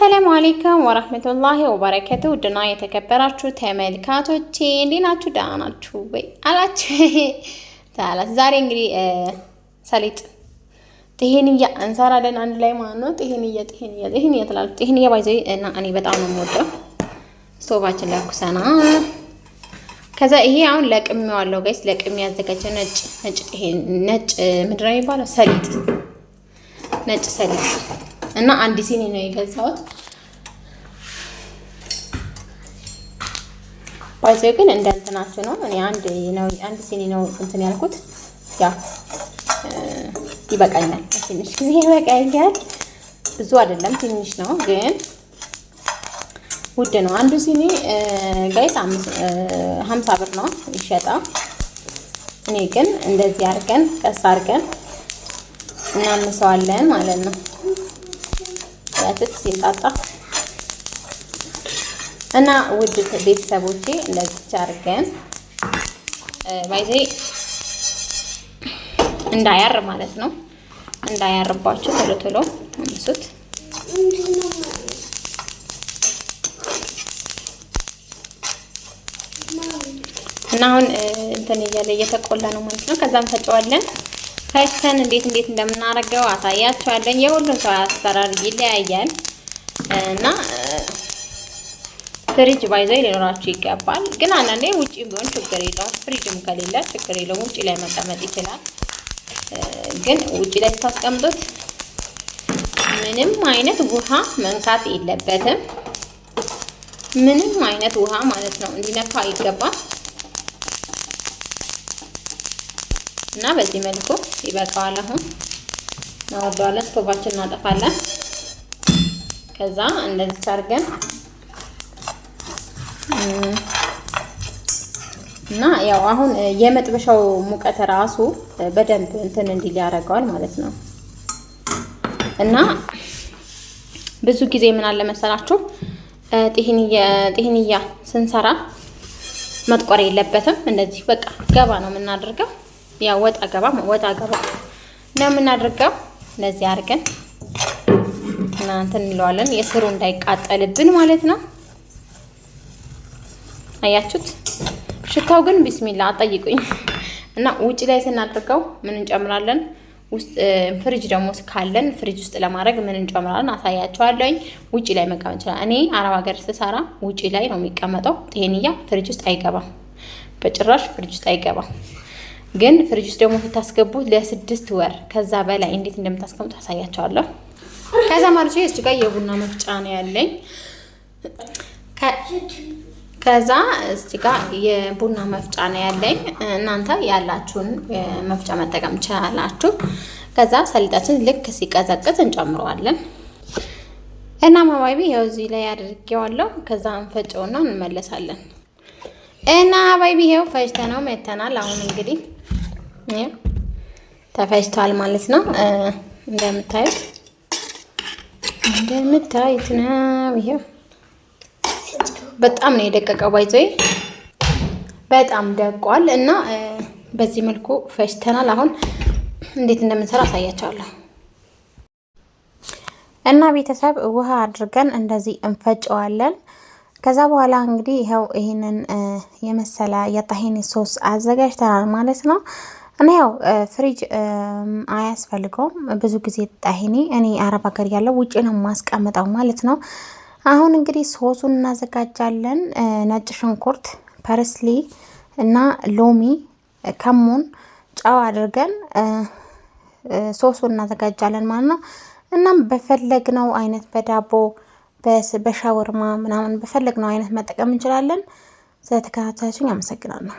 አሰላሙ አሌይኩም ወረህመቱላሂ ወበረከቱ ውድና የተከበራችሁ ተመልካቶቼ እንዴት ናችሁ? ደህና ናችሁ ወይ አላችሁ ታላት። ዛሬ እንግዲህ ሰሊጥ ጤሄንያ እንሰራለን አንድ ላይ ማለት ነው። ጤሄንያ ጤሄንያ ጤሄንያ ትላለች። ጤሄንያ ባይዘ እና እኔ በጣም ነው የምወደው። ስቶቫችን ላይ ከዛ ይሄ አሁን ለቅሜዋለሁ ጋይስ። ለቅሜ ያዘጋጀ ነጭ ነጭ ጤሄን ነጭ ምንድን የሚባለው ሰሊጥ ነጭ ሰሊጥ እና አንድ ሲኒ ነው የገዛሁት። ባይዘ ግን እንደ እንትናችሁ ነው። እኔ አንድ ነው አንድ ሲኒ ነው እንትን ያልኩት ያ ይበቃኛል። ትንሽ ጊዜ ይበቃኛል። ብዙ አይደለም ትንሽ ነው ግን ውድ ነው። አንዱ ሲኒ ጋይስ ሀምሳ ብር ነው ይሸጣ። እኔ ግን እንደዚህ አድርገን ቀስ አድርገን እናንሰዋለን ማለት ነው። ወተት ሲጣጣ እና ውድ ቤተሰቦቼ እንደዚህ አድርገን ባይዜ እንዳያር ማለት ነው። እንዳያርባችሁ ቶሎ ቶሎ አንሱት። እና አሁን እንትን እያለ እየተቆላ ነው ማለት ነው። ከዛም ፈጨዋለን። ፈጭተን እንዴት እንዴት እንደምናደርገው አሳያችኋለን። የሁሉም ሰው አሰራር ይለያያል እና ፍሪጅ ባይዘይ ሊኖራችሁ ይገባል። ግን አንዳንዴ ውጭ ቢሆን ችግር የለውም። ፍሪጅም ከሌለ ችግር የለውም። ውጭ ላይ መቀመጥ ይችላል። ግን ውጭ ላይ ስታስቀምጡት ምንም አይነት ውሃ መንካት የለበትም። ምንም አይነት ውሃ ማለት ነው እንዲነካ አይገባም። እና በዚህ መልኩ ይበቃዋል። አሁን እናወርደዋለን። ስቶቫችን እናጠፋለን። ከዛ እንደዚህ አድርገን እና ያው አሁን የመጥበሻው ሙቀት ራሱ በደንብ እንትን እንዲል ያደርገዋል ማለት ነው። እና ብዙ ጊዜ ምን አለ መሰላችሁ ጤህንያ ስንሰራ መጥቆር የለበትም። እንደዚህ በቃ ገባ ነው የምናደርገው። ያ ወጣ ገባ ወጣ ገባ እና የምናደርገው እንደዚህ አድርገን እናንተ እንለዋለን የስሩ እንዳይቃጠልብን ማለት ነው። አያችሁት? ሽታው ግን ቢስሚላ አጠይቁኝ እና ውጭ ላይ ስናደርገው ምን እንጨምራለን? ውስጥ ፍሪጅ ደግሞ ካለን ፍሪጅ ውስጥ ለማድረግ ምን እንጨምራለን አሳያቸዋለኝ። ውጭ ላይ መቀመጥ ይችላል። እኔ አረብ ሀገር ስሰራ ውጭ ላይ ነው የሚቀመጠው። ጤንያ ፍሪጅ ውስጥ አይገባም፣ በጭራሽ ፍሪጅ ውስጥ አይገባም። ግን ፍሪጅ ውስጥ ደግሞ ስታስገቡ ለስድስት ወር ከዛ በላይ እንዴት እንደምታስቀምጡ አሳያቸዋለሁ። ከዛ ማለት እዚህ ጋር የቡና መፍጫ ነው ያለኝ። ከዛ እዚህ ጋር የቡና መፍጫ ነው ያለኝ። እናንተ ያላችሁን መፍጫ መጠቀም ችላላችሁ። ከዛ ሰሊጣችን ልክ ሲቀዘቅዝ እንጨምረዋለን እና ማማይቢ ያው እዚህ ላይ አድርጌዋለሁ። ከዛ እንፈጨውና እንመለሳለን። እና አባይ ቢሄው ፈጅተ ነው መተናል። አሁን እንግዲህ ተፈጅቷል ማለት ነው። እንደምታዩት እንደምታዩት ነው። ይሄው በጣም ነው የደቀቀው ባይዘይ በጣም ደቋል። እና በዚህ መልኩ ፈጅተናል። አሁን እንዴት እንደምንሰራ አሳያቸዋለሁ። እና ቤተሰብ ውሃ አድርገን እንደዚህ እንፈጨዋለን። ከዛ በኋላ እንግዲህ ይኸው ይህንን የመሰለ የጣሂኒ ሶስ አዘጋጅተናል ማለት ነው። እና ያው ፍሪጅ አያስፈልገውም ብዙ ጊዜ ጣሂኒ እኔ አረብ ሀገር ያለው ውጭ ነው ማስቀምጠው ማለት ነው። አሁን እንግዲህ ሶሱን እናዘጋጃለን። ነጭ ሽንኩርት፣ ፐርስሊ እና ሎሚ፣ ከሙን፣ ጨው አድርገን ሶሱን እናዘጋጃለን ማለት ነው። እናም በፈለግነው አይነት በዳቦ በሻወርማ ምናምን በፈለግነው አይነት መጠቀም እንችላለን። ስለተከታተላችሁኝ አመሰግናለሁ።